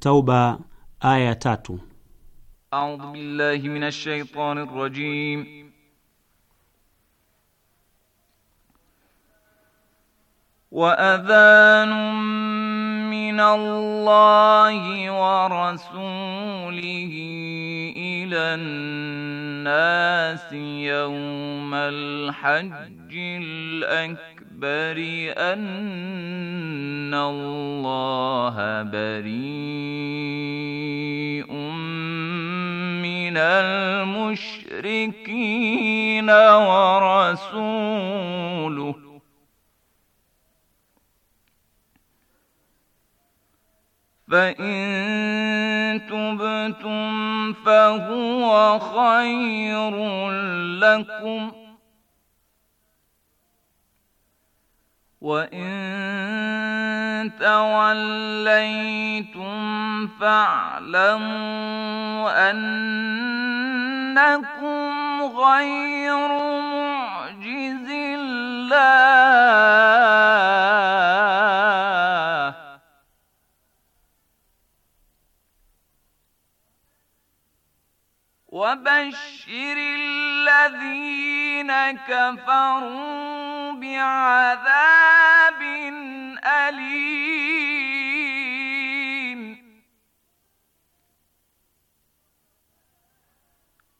Tauba aya tatu. A'udhu billahi minash shaitani وأذان من الله ورسوله إلى الناس يوم الحج الأكبر أن الله بريء المشركين ورسوله فإن تبتم فهو خير لكم وإن توليتم فاعلموا أن إنكم غير معجز الله وبشر الذين كفروا بعذاب أليم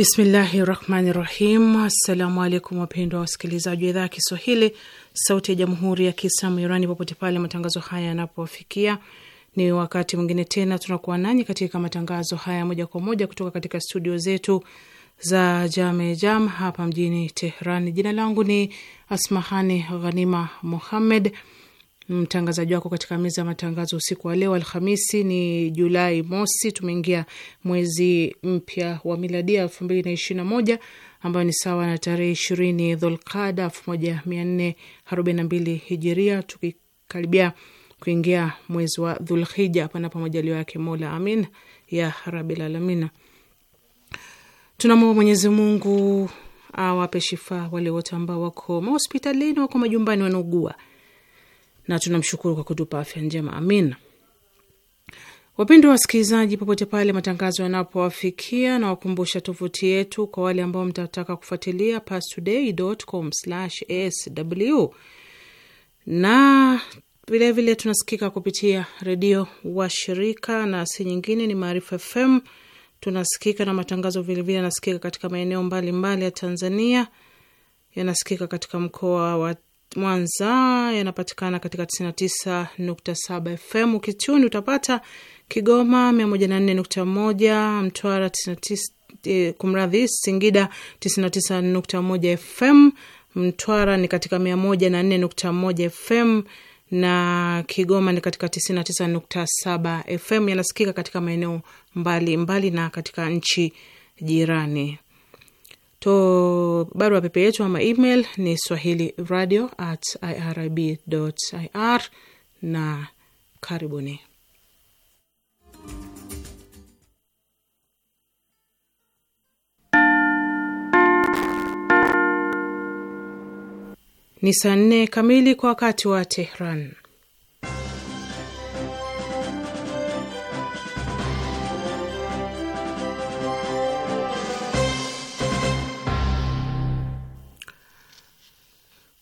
Bismillahi rahmani rahim. Assalamu alaikum wapendwa wasikilizaji wa idhaa ya Kiswahili sauti ya jamhuri ya Kiislamu Irani, popote pale matangazo haya yanapofikia ni wakati mwingine tena tunakuwa nanyi katika matangazo haya moja kwa moja kutoka katika studio zetu za Jame Jam hapa mjini Tehran. Jina langu ni Asmahani Ghanima Muhammed mtangazaji wako katika meza ya matangazo usiku wa leo Alhamisi ni Julai mosi. Tumeingia mwezi mpya wa miladia elfu mbili na ishirini na moja ambayo ni sawa na tarehe ishirini Dhulkada elfu moja mia nne arobaini na mbili hijiria, tukikaribia kuingia mwezi wa Dhulhija, panapo majalio yake Mola amin ya rabil alamin. Tunamwomba Mwenyezi Mungu awape shifa wale wote ambao wako mahospitalini, wako majumbani, wanaugua na tunamshukuru kwa kutupa afya njema, amin. Wapendwa wa wasikilizaji, popote pale matangazo yanapowafikia, na wakumbusha tovuti yetu kwa wale ambao mtataka kufuatilia pastoday.com/sw, na vilevile vile tunasikika kupitia redio wa shirika na si nyingine ni Maarifa FM. Tunasikika na matangazo vilevile yanasikika katika maeneo mbalimbali ya Tanzania, yanasikika katika mkoa wa Mwanza yanapatikana katika 99.7 FM. Ukichuni utapata Kigoma 104.1, Mtwara 99, eh, kumradhi Singida 99.1 FM. Mtwara ni katika 104.1 FM na Kigoma ni katika 99.7 FM. Yanasikika katika maeneo mbalimbali na katika nchi jirani to barua pepe yetu ama email ni swahili radio at irib ir, na karibuni. Ni saa nne kamili kwa wakati wa Tehran.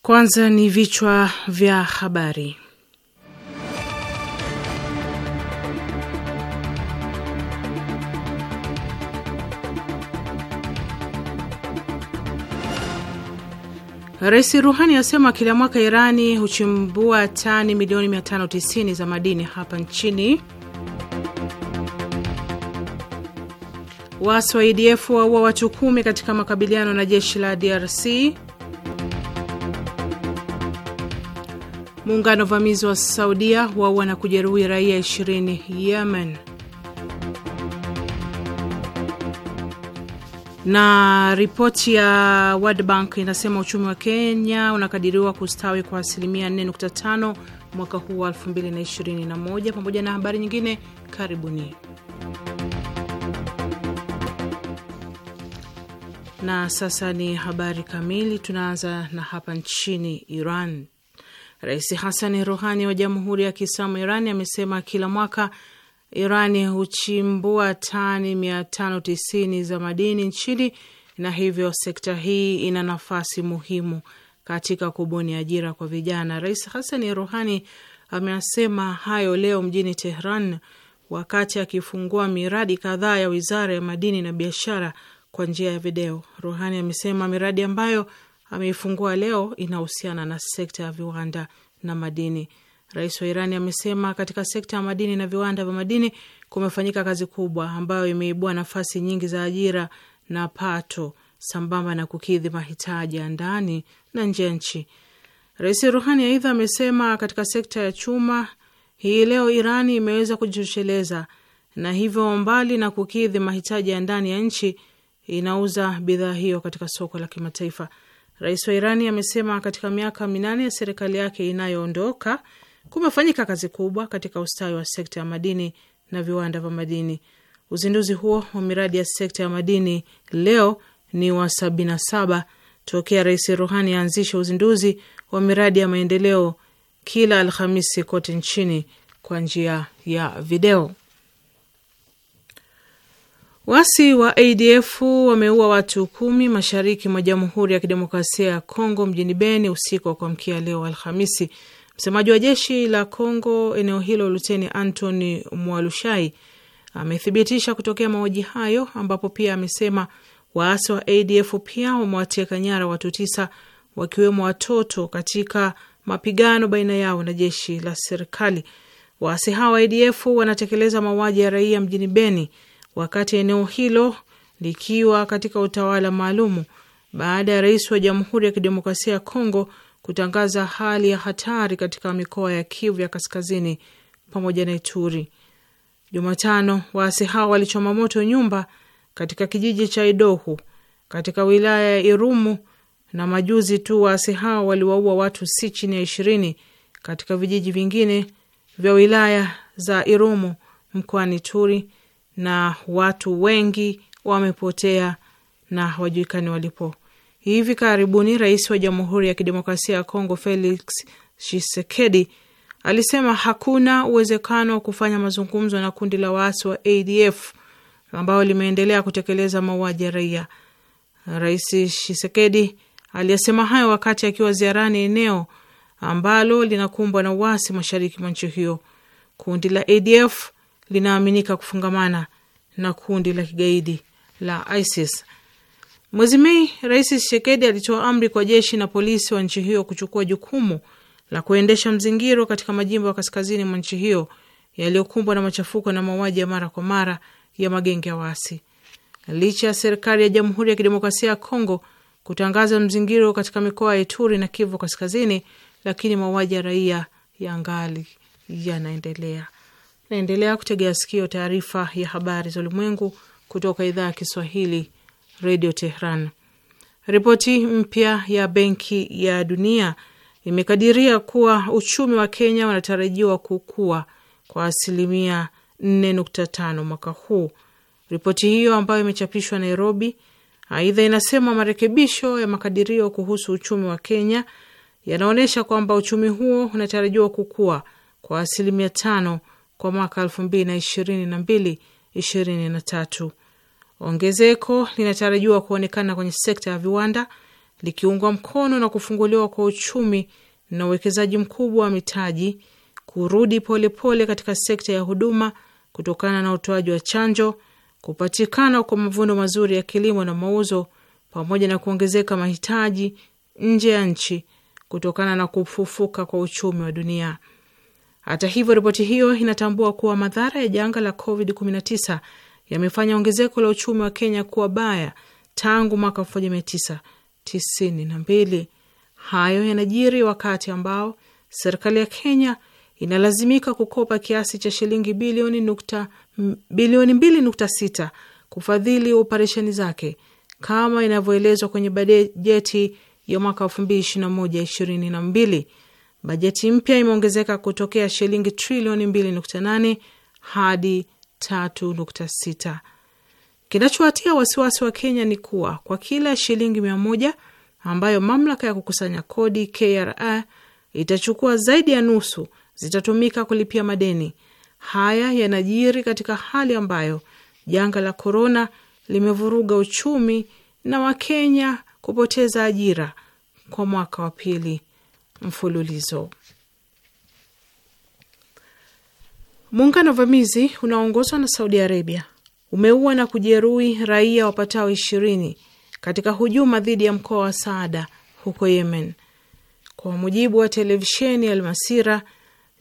Kwanza ni vichwa vya habari. Rais Ruhani asema kila mwaka Irani huchimbua tani milioni 590 za madini hapa nchini. Waasi wa ADF waua watu kumi katika makabiliano na jeshi la DRC. Muungano vamizi wa Saudia waua na kujeruhi raia 20 Yemen. Na ripoti ya World Bank inasema uchumi wa Kenya unakadiriwa kustawi kwa asilimia 4.5 mwaka huu wa 2021. Pamoja na habari nyingine, karibuni. Na sasa ni habari kamili. Tunaanza na hapa nchini Iran. Rais Hasani Ruhani wa Jamhuri ya Kiislamu Irani amesema kila mwaka Irani huchimbua tani tisini za madini nchini na hivyo sekta hii ina nafasi muhimu katika kubuni ajira kwa vijana. Rais Hasani Ruhani amesema hayo leo mjini Tehran wakati akifungua miradi kadhaa ya wizara ya madini na biashara kwa njia ya video. Ruhani amesema miradi ambayo ameifungua leo inahusiana na sekta ya viwanda na madini. Rais wa Irani amesema katika sekta ya madini na viwanda vya madini kumefanyika kazi kubwa ambayo imeibua nafasi nyingi za ajira na pato sambamba na kukidhi mahitaji ya ndani na nje ya nchi. Rais Ruhani aidha amesema katika sekta ya chuma hii leo Irani imeweza kujitosheleza na hivyo mbali na kukidhi mahitaji ya ndani ya nchi inauza bidhaa hiyo katika soko la kimataifa. Rais wa Irani amesema katika miaka minane ya serikali yake inayoondoka kumefanyika kazi kubwa katika ustawi wa sekta ya madini na viwanda vya madini. Uzinduzi huo wa miradi ya sekta ya madini leo ni wa 77 tokea Rais Ruhani aanzishe uzinduzi wa miradi ya maendeleo kila Alhamisi kote nchini kwa njia ya video. Wasi wa ADF wameua watu kumi mashariki mwa Jamhuri ya Kidemokrasia ya Kongo mjini Beni usiku wa kuamkia leo Alhamisi. Msemaji wa jeshi la Kongo eneo hilo Luteni Antony Mwalushai amethibitisha kutokea mauaji hayo, ambapo pia amesema waasi wa ADF pia wamewateka nyara watu tisa wakiwemo watoto katika mapigano baina yao na jeshi la serikali. Waasi hao wa ADF wanatekeleza mauaji ya raia mjini Beni wakati eneo hilo likiwa katika utawala maalumu baada ya rais wa Jamhuri ya Kidemokrasia ya Kongo kutangaza hali ya hatari katika mikoa ya Kivu ya kaskazini pamoja na Ituri. Jumatano, waasi hao walichoma moto nyumba katika kijiji cha Idohu katika wilaya ya Irumu, na majuzi tu waasi hao waliwaua watu si chini ya ishirini katika vijiji vingine vya wilaya za Irumu mkoani Turi na watu wengi wamepotea na hawajulikani walipo. Hivi karibuni rais wa Jamhuri ya Kidemokrasia ya Kongo Felix Tshisekedi alisema hakuna uwezekano wa kufanya mazungumzo na kundi la waasi wa ADF ambao limeendelea kutekeleza mauaji ya raia. Rais Tshisekedi aliyesema hayo wakati akiwa ziarani eneo ambalo linakumbwa na uasi mashariki mwa nchi hiyo. Kundi la ADF linaaminika kufungamana na kundi la kigaidi la ISIS. Mwezi Mei, Rais Tshisekedi alitoa amri kwa jeshi na polisi wa nchi hiyo kuchukua jukumu la kuendesha mzingiro katika majimbo ya kaskazini mwa nchi hiyo yaliyokumbwa na machafuko na mauaji ya mara kwa mara ya magenge ya waasi. Licha ya serikali ya Jamhuri ya Kidemokrasia ya Kongo kutangaza mzingiro katika mikoa ya Ituri na Kivu Kaskazini, lakini mauaji ya raia yangali yanaendelea. Naendelea kutegea sikio taarifa ya habari za ulimwengu kutoka idhaa ya Kiswahili, Radio Tehran. Ripoti mpya ya Benki ya Dunia imekadiria kuwa uchumi wa Kenya unatarajiwa kukua kwa asilimia 4.5 mwaka huu. Ripoti hiyo ambayo imechapishwa Nairobi, aidha inasema marekebisho ya makadirio kuhusu uchumi wa Kenya yanaonyesha kwamba uchumi huo unatarajiwa kukua kwa asilimia tano kwa mwaka elfu mbili na ishirini na mbili ishirini na tatu. Ongezeko linatarajiwa kuonekana kwenye sekta ya viwanda likiungwa mkono na kufunguliwa kwa uchumi na uwekezaji mkubwa wa mitaji kurudi polepole pole katika sekta ya huduma kutokana na utoaji wa chanjo, kupatikana kwa mavuno mazuri ya kilimo na mauzo, pamoja na kuongezeka mahitaji nje ya nchi kutokana na kufufuka kwa uchumi wa dunia. Hata hivyo, ripoti hiyo inatambua kuwa madhara ya janga la COVID-19 yamefanya ongezeko la uchumi wa Kenya kuwa baya tangu mwaka 1992. Hayo yanajiri wakati ambao serikali ya Kenya inalazimika kukopa kiasi cha shilingi bilioni nukta, bilioni 2.6 kufadhili operesheni zake kama inavyoelezwa kwenye bajeti ya mwaka 2021 Bajeti mpya imeongezeka kutokea shilingi trilioni 2.8 hadi 3.6. Kinachowatia wasiwasi wa Kenya ni kuwa kwa kila shilingi mia moja ambayo mamlaka ya kukusanya kodi KRA itachukua, zaidi ya nusu zitatumika kulipia madeni. Haya yanajiri katika hali ambayo janga la korona limevuruga uchumi na Wakenya kupoteza ajira kwa mwaka wa pili mfululizo. Muungano vamizi unaoongozwa na Saudi Arabia umeua na kujeruhi raia wapatao ishirini katika hujuma dhidi ya mkoa wa Saada huko Yemen. Kwa mujibu wa televisheni Almasira,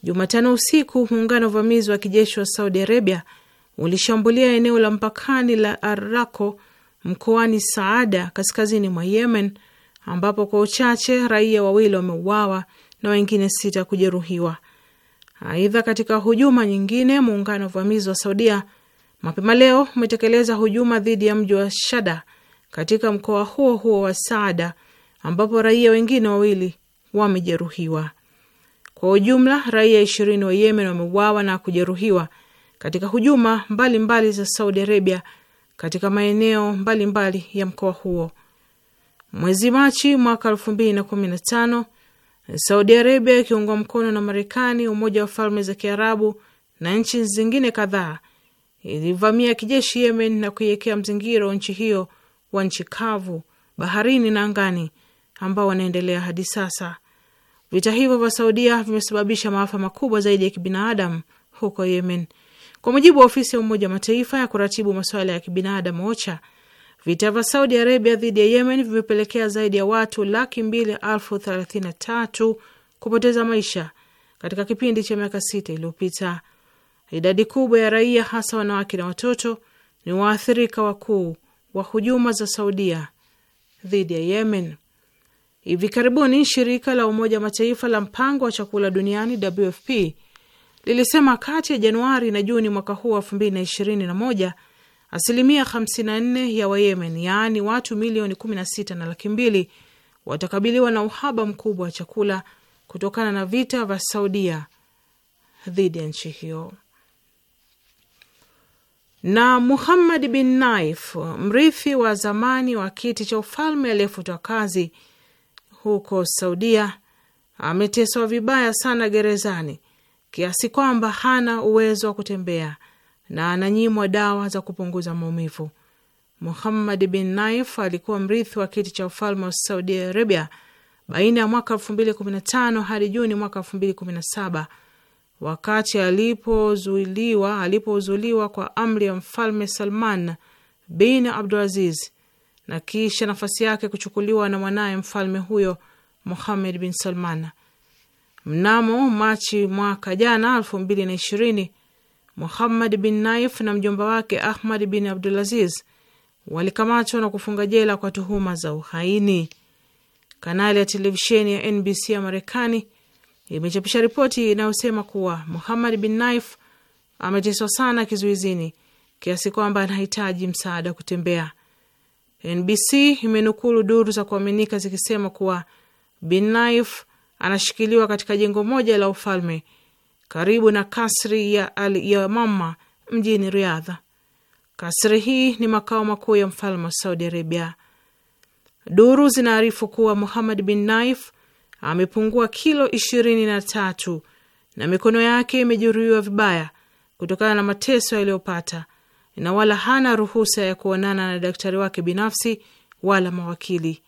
Jumatano usiku muungano vamizi wa kijeshi wa Saudi Arabia ulishambulia eneo la mpakani la Arrako mkoani Saada kaskazini mwa Yemen ambapo kwa uchache raia wawili wameuawa na wengine sita kujeruhiwa. Aidha, katika hujuma nyingine, muungano wa uvamizi wa Saudia mapema leo umetekeleza hujuma dhidi ya mji wa Shada katika mkoa huo huo wa Saada ambapo raia wengine wawili wamejeruhiwa. Kwa ujumla raia ishirini wa Yemen wameuawa na kujeruhiwa katika hujuma mbalimbali mbali za Saudi Arabia katika maeneo mbalimbali mbali ya mkoa huo. Mwezi Machi mwaka elfu mbili na kumi na tano Saudi Arabia ikiungwa mkono na Marekani, Umoja wa Falme za Kiarabu na nchi zingine kadhaa ilivamia kijeshi Yemen na kuiwekea mzingiro nchi hiyo wa nchi kavu, baharini na angani ambao wanaendelea hadi sasa. Vita hivyo vya Saudia vimesababisha maafa makubwa zaidi ya kibinadamu huko Yemen. Kwa mujibu wa ofisi ya Umoja wa Mataifa ya kuratibu masuala ya kibinadamu OCHA, Vita vya Saudi Arabia dhidi ya Yemen vimepelekea zaidi ya watu laki mbili elfu thelathini na tatu kupoteza maisha katika kipindi cha miaka sita iliyopita. Idadi kubwa ya raia, hasa wanawake na watoto, ni waathirika wakuu wa hujuma za Saudia dhidi ya Yemen. Hivi karibuni shirika la Umoja wa Mataifa la mpango wa chakula duniani WFP lilisema kati ya Januari na Juni mwaka huu wa elfu mbili na ishirini na moja Asilimia 54 ya Wayemen, yaani watu milioni 16 na laki mbili, watakabiliwa na uhaba mkubwa wa chakula kutokana na vita vya Saudia dhidi ya nchi hiyo. Na Muhammad bin Naif, mrithi wa zamani wa kiti cha ufalme aliyefutwa kazi huko Saudia, ameteswa vibaya sana gerezani kiasi kwamba hana uwezo wa kutembea na ananyimwa dawa za kupunguza maumivu. Muhammad bin Naif alikuwa mrithi wa kiti cha ufalme wa Saudi Arabia baina ya mwaka 2015 hadi Juni mwaka 2017 wakati alipozuiliwa alipouzuliwa kwa amri ya mfalme Salman bin Abdulaziz na kisha nafasi yake kuchukuliwa na mwanaye mfalme huyo Muhamed bin Salman. Mnamo Machi mwaka jana 2020 Muhammad bin Naif na mjomba wake Ahmad bin Abdulaziz walikamatwa na kufunga jela kwa tuhuma za uhaini. Kanali ya televisheni ya NBC ya Marekani imechapisha ripoti inayosema kuwa Muhammad bin Naif ameteswa sana kizuizini kiasi kwamba anahitaji msaada kutembea. NBC imenukulu duru za kuaminika zikisema kuwa bin Naif anashikiliwa katika jengo moja la ufalme karibu na kasri ya Al Yamama mjini Riadha. Kasri hii ni makao makuu ya mfalme wa Saudi Arabia. Duru zinaarifu kuwa Muhammad bin Naif amepungua kilo ishirini na tatu na mikono yake imejeruhiwa vibaya kutokana na mateso yaliyopata, na wala hana ruhusa ya kuonana na daktari wake binafsi wala mawakili.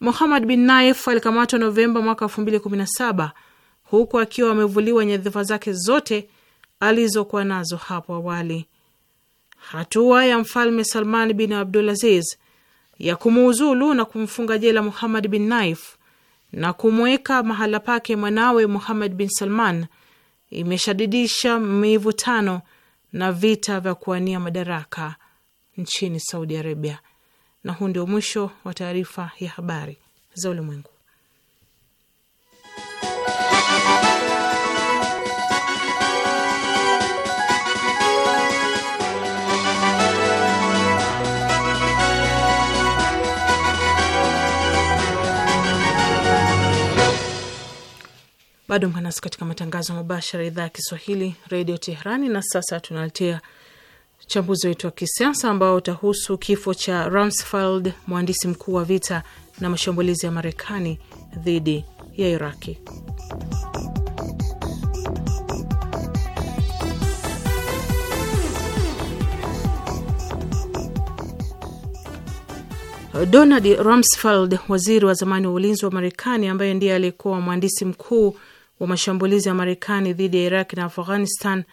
Muhammad bin Naif alikamatwa Novemba mwaka saba huku akiwa amevuliwa nyadhifa zake zote alizokuwa nazo hapo awali. Hatua ya mfalme Salman bin Abdulaziz ya kumuuzulu na kumfunga jela Muhammad bin Naif na kumweka mahala pake mwanawe Muhammad bin Salman imeshadidisha mivutano na vita vya kuwania madaraka nchini Saudi Arabia. Na huu ndio mwisho wa taarifa ya habari za ulimwengu. Bado mkanasi katika matangazo mubashara, idhaa ya Kiswahili redio Teherani. Na sasa tunaletea uchambuzi wetu wa kisiasa ambao utahusu kifo cha Rumsfeld, mhandisi mkuu wa vita na mashambulizi ya Marekani dhidi ya Iraki. Donald Rumsfeld, waziri wa zamani wa ulinzi wa Marekani ambaye ndiye aliyekuwa mhandisi mkuu wa mashambulizi ya Marekani dhidi ya Iraq na Afghanistan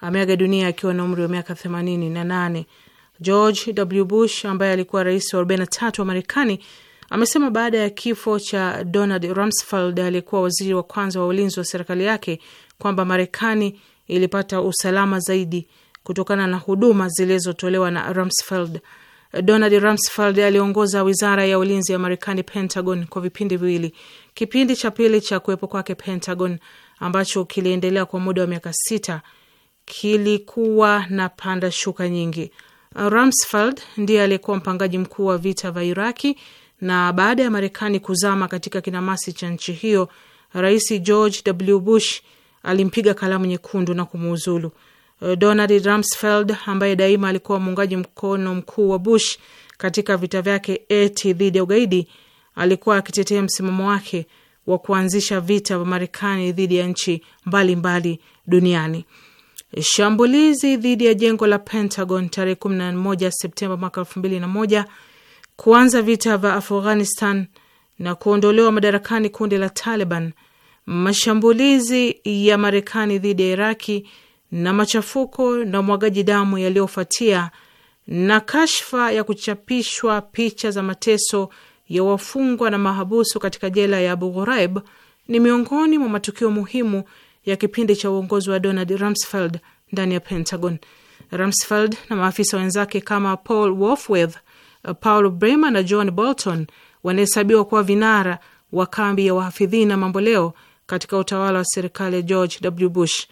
ameaga dunia akiwa na umri wa miaka 88. George W. Bush ambaye alikuwa rais wa 43 wa Marekani amesema baada ya kifo cha Donald Rumsfeld aliyekuwa waziri wa kwanza wa ulinzi wa serikali yake kwamba Marekani ilipata usalama zaidi kutokana na huduma zilizotolewa na Rumsfeld. Donald Rumsfeld aliongoza wizara ya ulinzi ya Marekani, Pentagon, kwa vipindi viwili. Kipindi cha pili cha kuwepo kwake Pentagon, ambacho kiliendelea kwa muda wa miaka sita, kilikuwa na panda shuka nyingi. Rumsfeld ndiye aliyekuwa mpangaji mkuu wa vita vya Iraki, na baada ya Marekani kuzama katika kinamasi cha nchi hiyo, Rais George W Bush alimpiga kalamu nyekundu na kumuuzulu. Eh, Donald Rumsfeld ambaye daima alikuwa muungaji mkono mkuu wa Bush katika vita vyake eti dhidi ya ugaidi, alikuwa akitetea msimamo wake wa kuanzisha vita vya Marekani dhidi ya nchi mbalimbali mbali duniani. Eh, shambulizi dhidi ya jengo la Pentagon tarehe 11 Septemba mwaka moja, kuanza vita vya Afghanistan na kuondolewa madarakani kundi la Taliban, mashambulizi ya Marekani dhidi ya Iraki na machafuko na mwagaji damu yaliyofuatia na kashfa ya kuchapishwa picha za mateso ya wafungwa na mahabusu katika jela ya Abu ghuraib ni miongoni mwa matukio muhimu ya kipindi cha uongozi wa Donald Rumsfeld ndani ya Pentagon. Rumsfeld na maafisa wenzake kama Paul Wolfowitz, Paul Bremer na John Bolton wanahesabiwa kuwa vinara wa kambi ya wahafidhina mamboleo katika utawala wa serikali ya George W. Bush.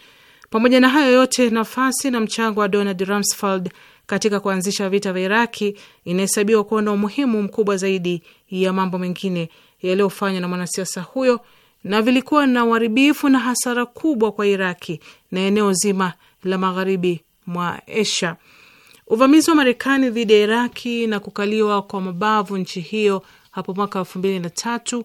Pamoja na hayo yote, nafasi na mchango wa Donald Rumsfeld katika kuanzisha vita vya Iraki inahesabiwa kuwa na umuhimu mkubwa zaidi ya mambo mengine yaliyofanywa na mwanasiasa huyo, na vilikuwa na uharibifu na hasara kubwa kwa Iraki na eneo zima la magharibi mwa Asia. Uvamizi wa Marekani dhidi ya Iraki na kukaliwa kwa mabavu nchi hiyo hapo mwaka elfu mbili na tatu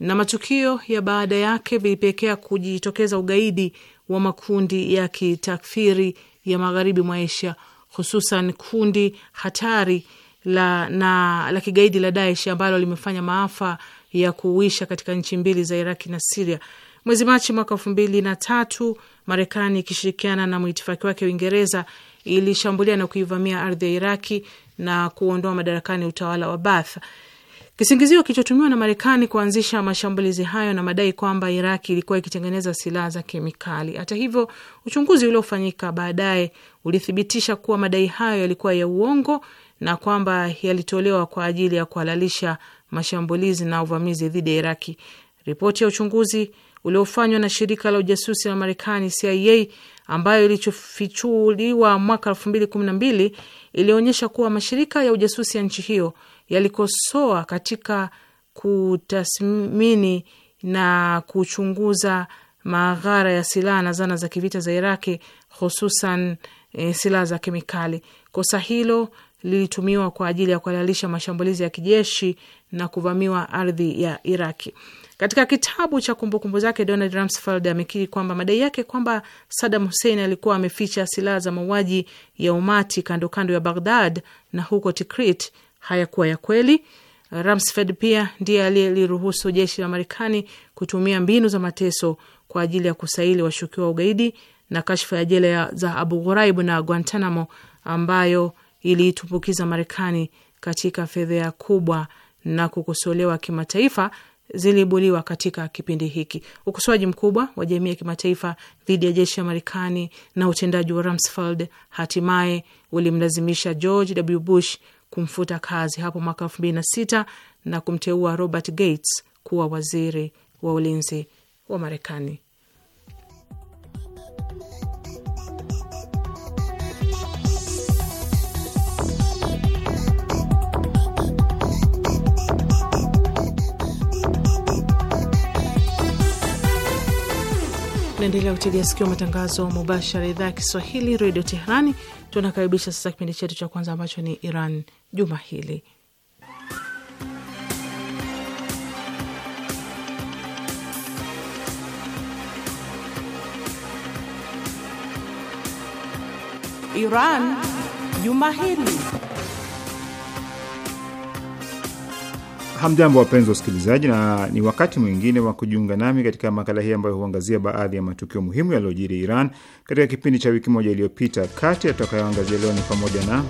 na matukio ya baada yake vilipelekea kujitokeza ugaidi wa makundi ya kitakfiri ya magharibi mwa Asia, hususan kundi hatari la, na, la kigaidi la Daesh ambalo limefanya maafa ya kuuisha katika nchi mbili za Iraki na Siria. Mwezi Machi mwaka elfu mbili na tatu, Marekani ikishirikiana na mwitifaki wake Uingereza ilishambulia na kuivamia ardhi ya Iraki na kuondoa madarakani utawala wa Baath. Kisingizio kilichotumiwa na Marekani kuanzisha mashambulizi hayo na madai kwamba Iraki ilikuwa ikitengeneza silaha za kemikali. Hata hivyo, uchunguzi uliofanyika baadaye ulithibitisha kuwa madai hayo yalikuwa ya uongo na kwamba yalitolewa kwa ajili ya kuhalalisha mashambulizi na uvamizi dhidi ya Iraki. Ripoti ya uchunguzi uliofanywa na shirika la ujasusi la Marekani CIA ambayo ilichofichuliwa mwaka elfu mbili kumi na mbili ilionyesha kuwa mashirika ya ujasusi ya nchi hiyo yalikosoa katika kutathmini na kuchunguza maghara ya silaha na zana za kivita za Iraki, hususan e, silaha za kemikali. Kosa hilo lilitumiwa kwa ajili ya kuhalalisha mashambulizi ya kijeshi na kuvamiwa ardhi ya Iraki. Katika kitabu cha kumbukumbu zake, Donald Rumsfeld amekiri kwamba madai yake kwamba Saddam Hussein alikuwa ameficha silaha za mauaji ya umati kando kando ya Baghdad na huko Tikrit hayakuwa ya kweli. Ramsfeld pia ndiye aliyeliruhusu jeshi la Marekani kutumia mbinu za mateso kwa ajili ya kusaili washukiwa wa ugaidi na kashfa ya jela za Abu Ghuraib na Guantanamo ambayo iliitumbukiza Marekani katika fedheha kubwa na kukosolewa kimataifa zilibuliwa katika kipindi hiki. Ukosoaji mkubwa wa jamii ya kimataifa dhidi ya jeshi la Marekani na utendaji wa Rumsfeld hatimaye ulimlazimisha George W. Bush kumfuta kazi hapo mwaka elfu mbili na sita na kumteua Robert Gates kuwa waziri wa ulinzi wa Marekani. Naendelea kutegea sikio matangazo mubashara, idhaa ya Kiswahili, redio Teherani. Tunakaribisha sasa kipindi chetu cha kwanza ambacho ni Iran juma hili. Iran juma hili. Hamjambo, wapenzi wa usikilizaji, na ni wakati mwingine wa kujiunga nami katika makala hii ambayo huangazia baadhi ya matukio muhimu yaliyojiri Iran katika kipindi cha wiki moja iliyopita. Kati ya tutakayoangazia leo ni pamoja na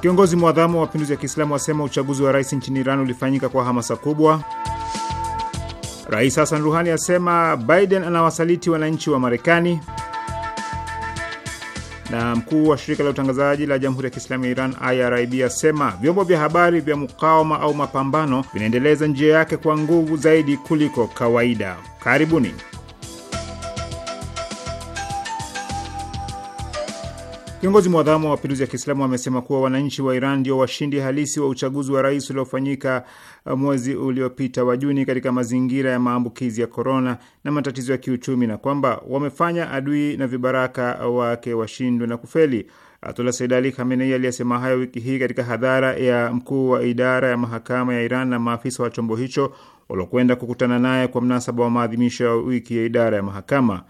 kiongozi mwadhamu wa mapinduzi ya Kiislamu asema uchaguzi wa rais nchini Iran ulifanyika kwa hamasa kubwa. Rais Hassan Ruhani asema Biden anawasaliti wananchi wa Marekani na mkuu wa shirika la utangazaji la Jamhuri ya Kiislamu ya Iran IRIB asema vyombo vya habari vya mukawama au mapambano vinaendeleza njia yake kwa nguvu zaidi kuliko kawaida. Karibuni. Kiongozi mwadhamu wa mapinduzi ya Kiislamu amesema kuwa wananchi wa Iran ndio washindi halisi wa uchaguzi wa rais uliofanyika uh, mwezi uliopita wa Juni katika mazingira ya maambukizi ya korona na matatizo ya kiuchumi na kwamba wamefanya adui na vibaraka wake washindwe na kufeli. Ayatullah Sayyid Ali Khamenei aliyesema hayo wiki hii katika hadhara ya mkuu wa idara ya mahakama ya Iran na maafisa wa chombo hicho waliokwenda kukutana naye kwa mnasaba wa maadhimisho ya wiki ya idara ya mahakama.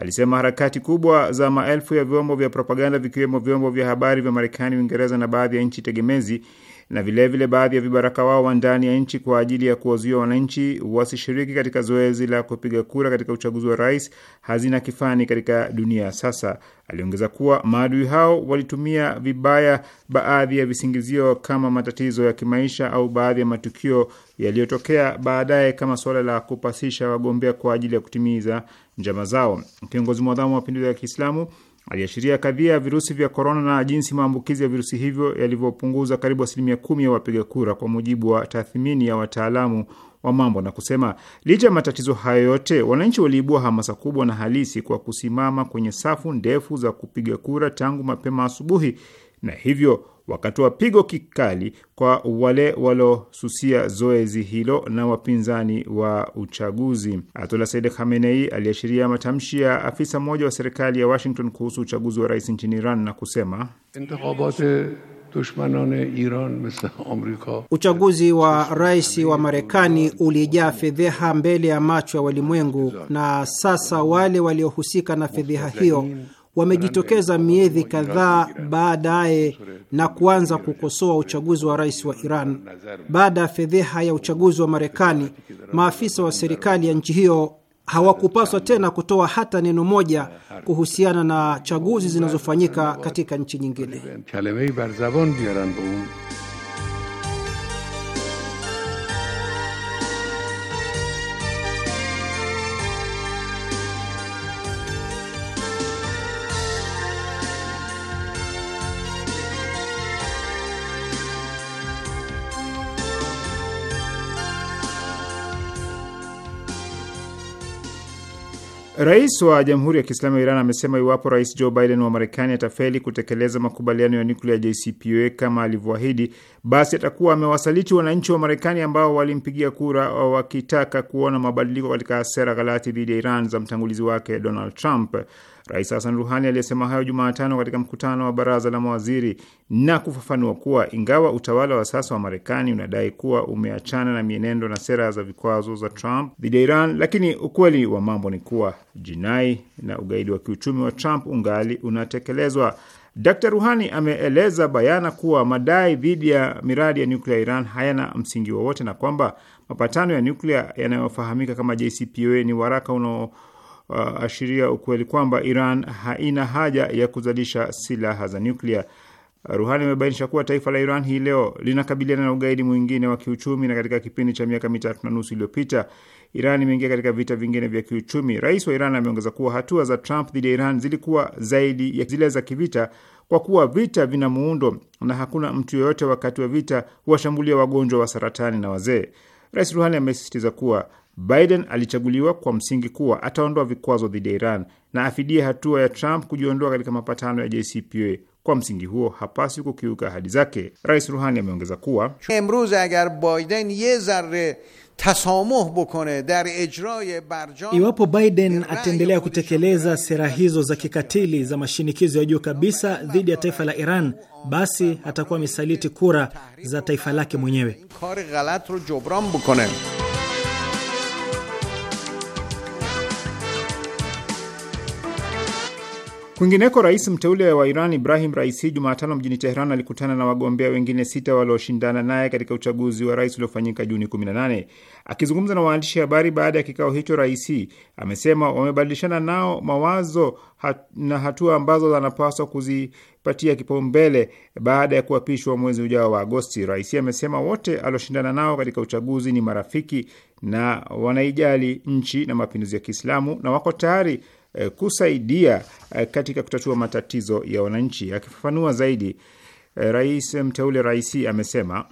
Alisema harakati kubwa za maelfu ya vyombo vya propaganda vikiwemo vyombo vya habari vya Marekani, Uingereza na baadhi ya nchi tegemezi na vilevile vile baadhi ya vibaraka wao wa ndani ya nchi kwa ajili ya kuwazuia wananchi wasishiriki katika zoezi la kupiga kura katika uchaguzi wa rais hazina kifani katika dunia ya sasa. Aliongeza kuwa maadui hao walitumia vibaya baadhi ya visingizio kama matatizo ya kimaisha au baadhi ya matukio yaliyotokea baadaye kama suala la kupasisha wagombea kwa ajili ya kutimiza njama zao. Kiongozi mwadhamu wa mapinduzi ya Kiislamu Aliashiria kadhia ya virusi vya korona na jinsi maambukizi ya virusi hivyo yalivyopunguza karibu asilimia kumi ya wapiga kura kwa mujibu wa tathmini ya wataalamu wa mambo na kusema licha ya matatizo hayo yote, wananchi waliibua hamasa kubwa na halisi kwa kusimama kwenye safu ndefu za kupiga kura tangu mapema asubuhi, na hivyo wakatoa pigo kikali kwa wale waliosusia zoezi hilo na wapinzani wa uchaguzi. Atola Said Khamenei aliashiria matamshi ya afisa mmoja wa serikali ya Washington kuhusu uchaguzi wa rais nchini Iran na kusema Uchaguzi wa rais wa Marekani ulijaa fedheha mbele ya macho ya walimwengu, na sasa wale waliohusika na fedheha hiyo wamejitokeza miezi kadhaa baadaye na kuanza kukosoa uchaguzi wa rais wa Iran. Baada ya fedheha ya uchaguzi wa Marekani, maafisa wa serikali ya nchi hiyo hawakupaswa tena kutoa hata neno moja kuhusiana na chaguzi zinazofanyika katika nchi nyingine. Rais wa Jamhuri ya Kiislamu ya Iran amesema iwapo Rais Joe Biden wa Marekani atafeli kutekeleza makubaliano ya nuklia JCPOA kama alivyoahidi, basi atakuwa amewasaliti wananchi wa Marekani ambao walimpigia kura wakitaka kuona mabadiliko katika sera ghalati dhidi ya Iran za mtangulizi wake Donald Trump. Rais Hasan Ruhani aliyesema hayo Jumatano katika mkutano wa baraza la mawaziri na kufafanua kuwa ingawa utawala wa sasa wa Marekani unadai kuwa umeachana na mienendo na sera za vikwazo za Trump dhidi ya Iran, lakini ukweli wa mambo ni kuwa jinai na ugaidi wa kiuchumi wa Trump ungali unatekelezwa. d Ruhani ameeleza bayana kuwa madai dhidi ya miradi ya nyuklia ya Iran hayana msingi wowote na kwamba mapatano ya nyuklia yanayofahamika kama JCPOA ni waraka unao kuashiria uh, ukweli kwamba Iran haina haja ya kuzalisha silaha za nyuklia. Ruhani amebainisha kuwa taifa la Iran hii leo linakabiliana na ugaidi mwingine wa kiuchumi, na katika kipindi cha miaka mitatu na nusu iliyopita Iran imeingia katika vita vingine vya kiuchumi. Rais wa Iran ameongeza kuwa hatua za Trump dhidi ya Iran zilikuwa zaidi ya zile za kivita, kwa kuwa vita vina muundo na hakuna mtu yoyote wakati wa vita huwashambulia wagonjwa wa saratani na wazee. Rais Ruhani amesisitiza kuwa Biden alichaguliwa kwa msingi kuwa ataondoa vikwazo dhidi ya Iran na afidie hatua ya Trump kujiondoa katika mapatano ya JCPOA. Kwa msingi huo hapasi kukiuka ahadi zake. Rais Ruhani ameongeza kuwa emruz agar Biden ye zarre Iwapo Biden ataendelea kutekeleza sera hizo za kikatili za mashinikizo ya juu kabisa dhidi ya taifa la Iran, basi atakuwa amesaliti kura za taifa lake mwenyewe. Kwingineko, rais mteule wa Iran Ibrahim Raisi Jumatano mjini Teheran alikutana na wagombea wengine sita walioshindana naye katika uchaguzi wa rais uliofanyika Juni 18. Akizungumza na waandishi habari baada ya kikao hicho, Raisi amesema wamebadilishana nao mawazo hat, na hatua ambazo anapaswa kuzipatia kipaumbele baada ya kuapishwa mwezi ujao wa Agosti. Raisi amesema wote alioshindana nao katika uchaguzi ni marafiki na wanaijali nchi na mapinduzi ya Kiislamu na wako tayari Eh, kusaidia eh, katika kutatua matatizo ya wananchi. Akifafanua zaidi eh, Rais mteule Raisi amesema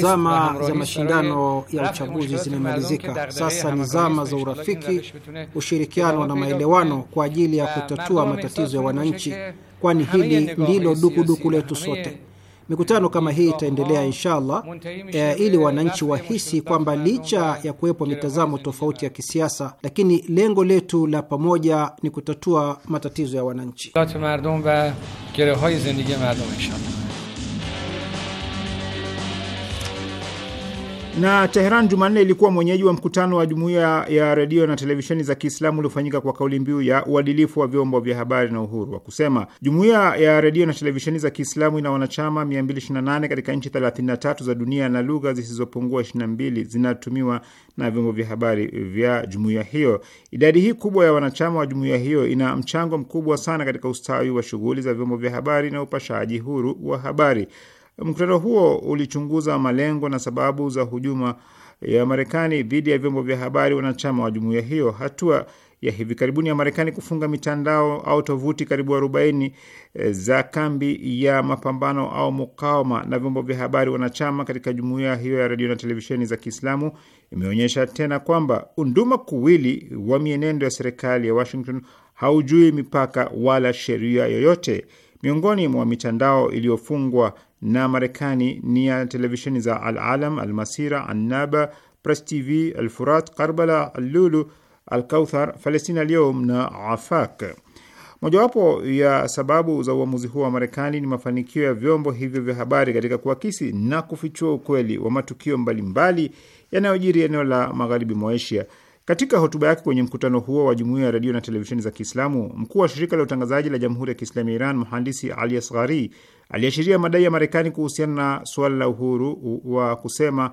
zama za mashindano ya uchaguzi zimemalizika. Sasa ni zama za urafiki, ushirikiano na maelewano kwa ajili ya kutatua matatizo ya wananchi, kwani hili ndilo dukuduku letu sote. Mikutano kama hii itaendelea inshallah, eh, ili wananchi wahisi kwamba licha ya kuwepo mitazamo tofauti ya kisiasa, lakini lengo letu la pamoja ni kutatua matatizo ya wananchi. Na Teheran Jumanne ilikuwa mwenyeji wa mkutano wa jumuiya ya redio na televisheni za Kiislamu uliofanyika kwa kauli mbiu ya uadilifu wa vyombo vya habari na uhuru wa kusema. Jumuiya ya redio na televisheni za Kiislamu ina wanachama 228 katika nchi 33 za dunia na lugha zisizopungua 22 zinatumiwa na vyombo vya habari vya jumuiya hiyo. Idadi hii kubwa ya wanachama wa jumuiya hiyo ina mchango mkubwa sana katika ustawi wa shughuli za vyombo vya habari na upashaji huru wa habari. Mkutano huo ulichunguza malengo na sababu za hujuma ya Marekani dhidi ya vyombo vya habari wanachama wa jumuiya hiyo. Hatua ya hivi karibuni ya Marekani kufunga mitandao au tovuti karibu 40 eh, za kambi ya mapambano au mukawama na vyombo vya habari wanachama katika jumuiya hiyo ya redio na televisheni za Kiislamu imeonyesha tena kwamba unduma kuwili wa mienendo ya serikali ya Washington haujui mipaka wala sheria yoyote. Miongoni mwa mitandao iliyofungwa na Marekani ni ya televisheni za Al Alam, Al Masira, Annaba, Press TV, Al Furat, Karbala, Al Lulu, Al Kauthar, Palestina Lyaum na Afak. Mojawapo ya sababu za uamuzi huo wa Marekani ni mafanikio ya vyombo hivyo vya habari katika kuakisi na kufichua ukweli wa matukio mbalimbali yanayojiri eneo la magharibi mwa Asia katika hotuba yake kwenye mkutano huo wa jumuiya ya redio na televisheni za Kiislamu, mkuu wa shirika la utangazaji la jamhuri ya Kiislamu ya Iran, mhandisi Ali Asghari, aliashiria madai ya Marekani kuhusiana na suala la uhuru wa kusema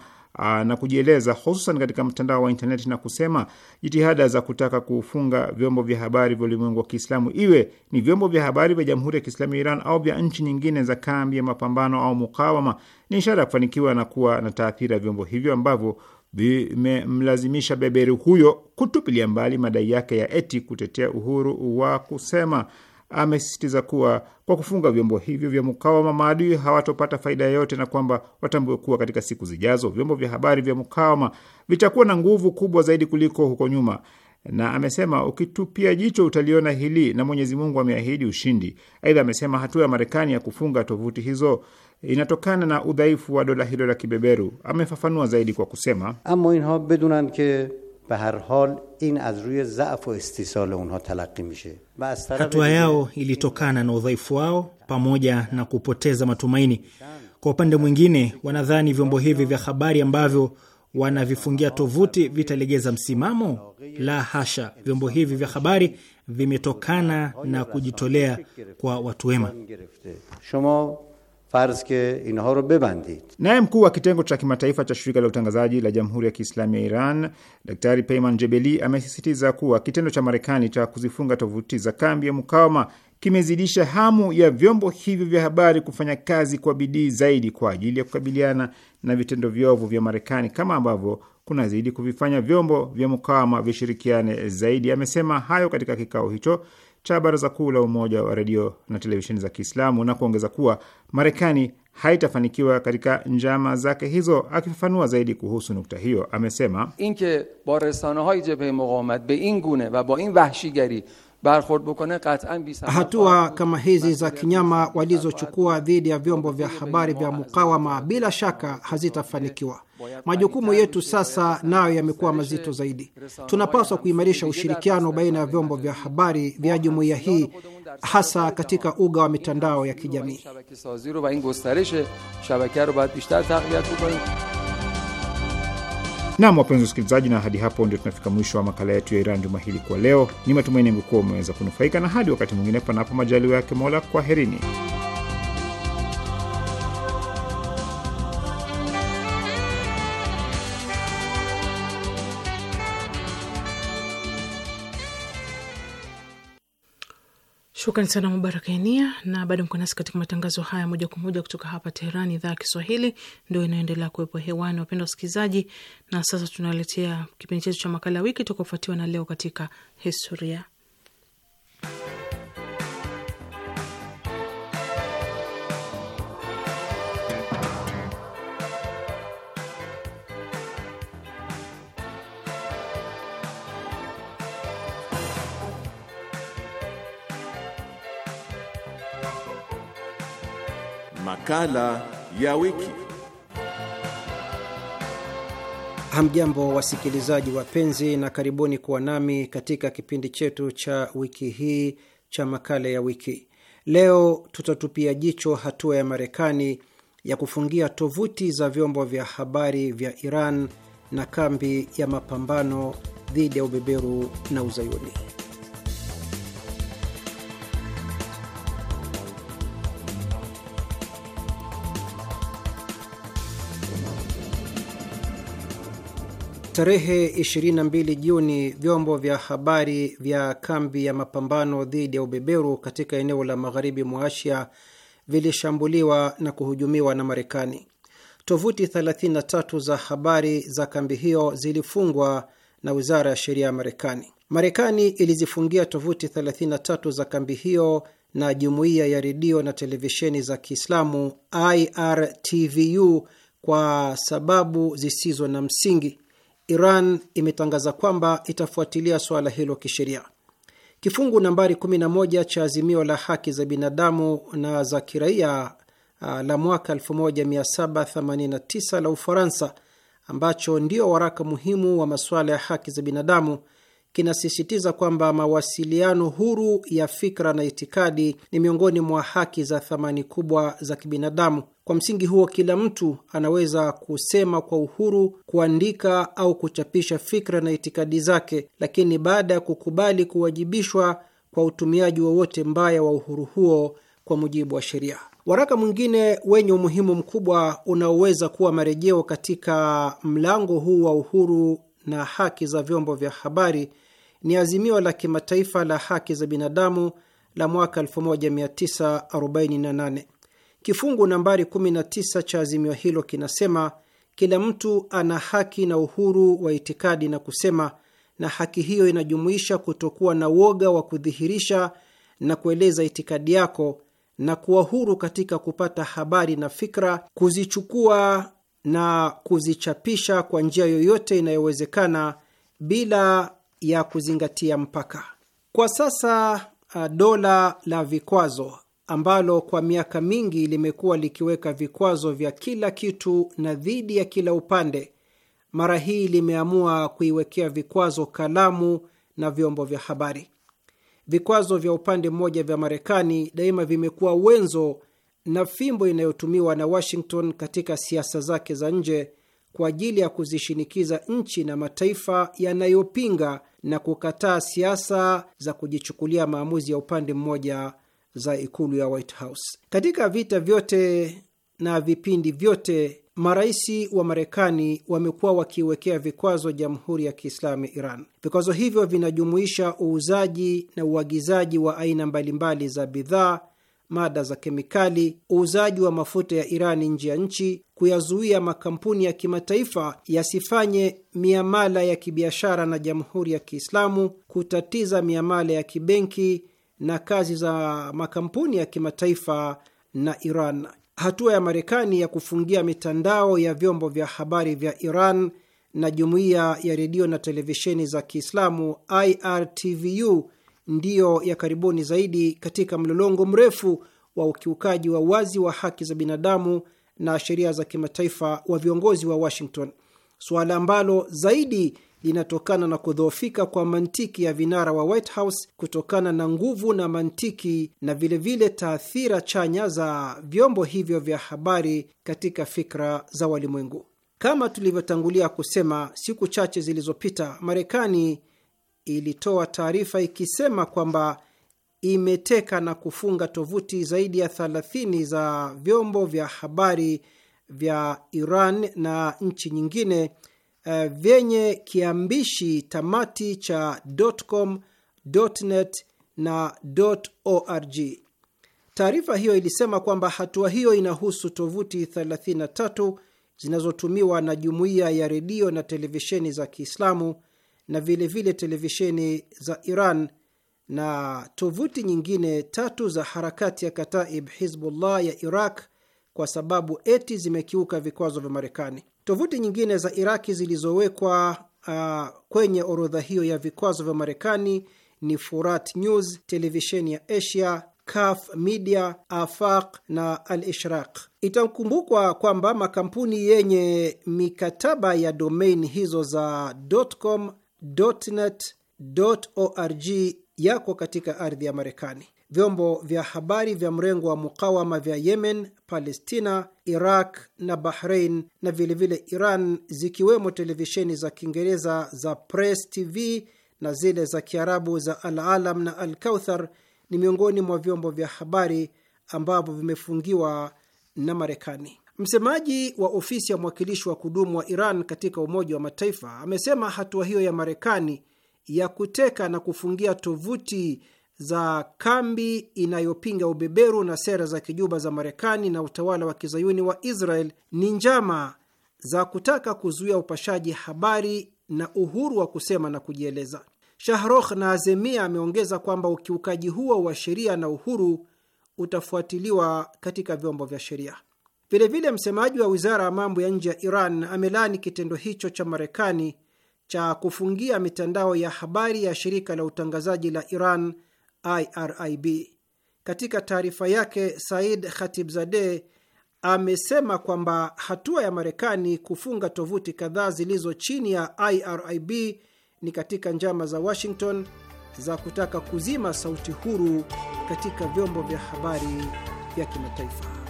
na kujieleza hususan katika mtandao wa intaneti na kusema jitihada za kutaka kufunga vyombo vya habari vya ulimwengu wa Kiislamu, iwe ni vyombo vya habari vya Jamhuri ya Kiislamu ya Iran au vya nchi nyingine za kambi ya mapambano au mukawama, ni ishara ya kufanikiwa na kuwa na taathira ya vyombo hivyo ambavyo vimemlazimisha beberu huyo kutupilia mbali madai yake ya eti kutetea uhuru wa kusema. Amesisitiza kuwa kwa kufunga vyombo hivyo vya mukawama maadui hawatopata faida yoyote, na kwamba watambue kuwa katika siku zijazo vyombo vya habari vya mukawama vitakuwa na nguvu kubwa zaidi kuliko huko nyuma. Na amesema ukitupia jicho utaliona hili, na Mwenyezi Mungu ameahidi ushindi. Aidha amesema hatua ya Marekani ya kufunga tovuti hizo inatokana na udhaifu wa dola hilo la kibeberu. Amefafanua zaidi kwa kusema, amma inha bedunan ke be har hal in az istisal unha mishe, hatua yao ilitokana na udhaifu wao pamoja na kupoteza matumaini. Kwa upande mwingine, wanadhani vyombo hivi vya habari ambavyo wanavifungia tovuti vitalegeza msimamo? La hasha, vyombo hivi vya habari vimetokana na kujitolea kwa watu wema farz ke inha ro bebandid. Naye mkuu wa kitengo cha kimataifa cha shirika la utangazaji la Jamhuri ya Kiislamu ya Iran, Daktari Peyman Jebeli amesisitiza kuwa kitendo cha Marekani cha kuzifunga tovuti za kambi ya mukawama kimezidisha hamu ya vyombo hivyo vya habari kufanya kazi kwa bidii zaidi kwa ajili ya kukabiliana na vitendo vyovu vya Marekani kama ambavyo kunazidi kuvifanya vyombo vya mukawama vishirikiane zaidi. Amesema hayo katika kikao hicho cha Baraza Kuu la Umoja wa Redio na Televisheni za Kiislamu na kuongeza kuwa Marekani haitafanikiwa katika njama zake hizo. Akifafanua zaidi kuhusu nukta hiyo, amesema inke ba resanahay jabhe muqawamat be in gune va ba in vahshigari Hatua kama hizi za kinyama walizochukua dhidi ya vyombo vya habari vya mukawama bila shaka hazitafanikiwa. Majukumu yetu sasa nayo yamekuwa mazito zaidi. Tunapaswa kuimarisha ushirikiano baina ya vyombo vya habari vya jumuiya hii hasa katika uga wa mitandao ya kijamii. Nam, wapenzi wasikilizaji, na hadi hapo ndio tunafika mwisho wa makala yetu ya Iran juma hili kwa leo. Ni matumaini yangu kuwa umeweza kunufaika, na hadi wakati mwingine, panapo majaliwa yake Mola, kwaherini. shukrani sana Mubaraka Enia, na bado mko nasi katika matangazo haya moja kwa moja kutoka hapa Teheran, idhaa ya Kiswahili ndio inayoendelea kuwepo hewani, wapenda wasikilizaji. Na sasa tunaletea kipindi chetu cha makala ya wiki, tukofuatiwa na leo katika historia Makala ya wiki. Hamjambo wasikilizaji wapenzi, na karibuni kuwa nami katika kipindi chetu cha wiki hii cha makala ya wiki. Leo tutatupia jicho hatua ya Marekani ya kufungia tovuti za vyombo vya habari vya Iran na kambi ya mapambano dhidi ya ubeberu na uzayuni. Tarehe 22 Juni, vyombo vya habari vya kambi ya mapambano dhidi ya ubeberu katika eneo la magharibi mwa Asia vilishambuliwa na kuhujumiwa na Marekani. Tovuti 33 za habari za kambi hiyo zilifungwa na wizara ya sheria ya Marekani. Marekani ilizifungia tovuti 33 za kambi hiyo na jumuiya ya redio na televisheni za Kiislamu, IRTVU, kwa sababu zisizo na msingi. Iran imetangaza kwamba itafuatilia suala hilo kisheria. Kifungu nambari 11 cha azimio la haki za binadamu na za kiraia uh, la mwaka 1789 la Ufaransa, ambacho ndio waraka muhimu wa masuala ya haki za binadamu, kinasisitiza kwamba mawasiliano huru ya fikra na itikadi ni miongoni mwa haki za thamani kubwa za kibinadamu. Kwa msingi huo, kila mtu anaweza kusema kwa uhuru, kuandika au kuchapisha fikra na itikadi zake, lakini baada ya kukubali kuwajibishwa kwa utumiaji wowote mbaya wa uhuru huo kwa mujibu wa sheria. Waraka mwingine wenye umuhimu mkubwa unaoweza kuwa marejeo katika mlango huu wa uhuru na haki za vyombo vya habari ni azimio la kimataifa la haki za binadamu la mwaka 1948. Kifungu nambari 19 cha azimio hilo kinasema, kila mtu ana haki na uhuru wa itikadi na kusema, na haki hiyo inajumuisha kutokuwa na woga wa kudhihirisha na kueleza itikadi yako na kuwa huru katika kupata habari na fikra, kuzichukua na kuzichapisha kwa njia yoyote inayowezekana bila ya kuzingatia mpaka. Kwa sasa uh, dola la vikwazo ambalo kwa miaka mingi limekuwa likiweka vikwazo vya kila kitu na dhidi ya kila upande, mara hii limeamua kuiwekea vikwazo kalamu na vyombo vya habari. Vikwazo vya upande mmoja vya Marekani daima vimekuwa wenzo na fimbo inayotumiwa na Washington katika siasa zake za nje kwa ajili ya kuzishinikiza nchi na mataifa yanayopinga na kukataa siasa za kujichukulia maamuzi ya upande mmoja za ikulu ya White House. Katika vita vyote na vipindi vyote, marais wa Marekani wamekuwa wakiwekea vikwazo Jamhuri ya Kiislamu ya Iran. Vikwazo hivyo vinajumuisha uuzaji na uagizaji wa aina mbalimbali za bidhaa mada za kemikali, uuzaji wa mafuta ya Irani nje ya nchi, kuyazuia makampuni ya kimataifa yasifanye miamala ya kibiashara na Jamhuri ya Kiislamu, kutatiza miamala ya kibenki na kazi za makampuni ya kimataifa na Iran. Hatua ya Marekani ya kufungia mitandao ya vyombo vya habari vya Iran na jumuiya ya redio na televisheni za Kiislamu IRTVU ndiyo ya karibuni zaidi katika mlolongo mrefu wa ukiukaji wa wazi wa haki za binadamu na sheria za kimataifa wa viongozi wa Washington, suala ambalo zaidi linatokana na kudhoofika kwa mantiki ya vinara wa White House kutokana na nguvu na mantiki na vilevile taathira chanya za vyombo hivyo vya habari katika fikra za walimwengu. Kama tulivyotangulia kusema siku chache zilizopita, Marekani ilitoa taarifa ikisema kwamba imeteka na kufunga tovuti zaidi ya 30 za vyombo vya habari vya Iran na nchi nyingine uh, vyenye kiambishi tamati cha .com, .net na .org. Taarifa hiyo ilisema kwamba hatua hiyo inahusu tovuti 33 zinazotumiwa na jumuiya ya redio na televisheni za Kiislamu na vilevile televisheni za Iran na tovuti nyingine tatu za harakati ya Kataib Hizbullah ya Iraq kwa sababu eti zimekiuka vikwazo vya Marekani. Tovuti nyingine za Iraki zilizowekwa uh, kwenye orodha hiyo ya vikwazo vya Marekani ni Furat News, televisheni ya Asia, Kaf Media, Afaq na Al Ishraq. Itakumbukwa kwamba makampuni yenye mikataba ya domain hizo za .com org yako katika ardhi ya Marekani. Vyombo vya habari vya mrengo wa mukawama vya Yemen, Palestina, Iraq na Bahrain na vilevile vile Iran, zikiwemo televisheni za Kiingereza za Press TV na zile za Kiarabu za Al Alam na Al Kauthar ni miongoni mwa vyombo vya habari ambavyo vimefungiwa na Marekani. Msemaji wa ofisi ya mwakilishi wa kudumu wa Iran katika Umoja wa Mataifa amesema hatua hiyo ya Marekani ya kuteka na kufungia tovuti za kambi inayopinga ubeberu na sera za kijuba za Marekani na utawala wa kizayuni wa Israel ni njama za kutaka kuzuia upashaji habari na uhuru wa kusema na kujieleza. Shahrokh na Azemia ameongeza kwamba ukiukaji huo wa sheria na uhuru utafuatiliwa katika vyombo vya sheria. Vilevile, msemaji wa wizara ya mambo ya nje ya Iran amelaani kitendo hicho cha Marekani cha kufungia mitandao ya habari ya shirika la utangazaji la Iran IRIB. Katika taarifa yake, Said Khatibzadeh amesema kwamba hatua ya Marekani kufunga tovuti kadhaa zilizo chini ya IRIB ni katika njama za Washington za kutaka kuzima sauti huru katika vyombo vya habari vya kimataifa.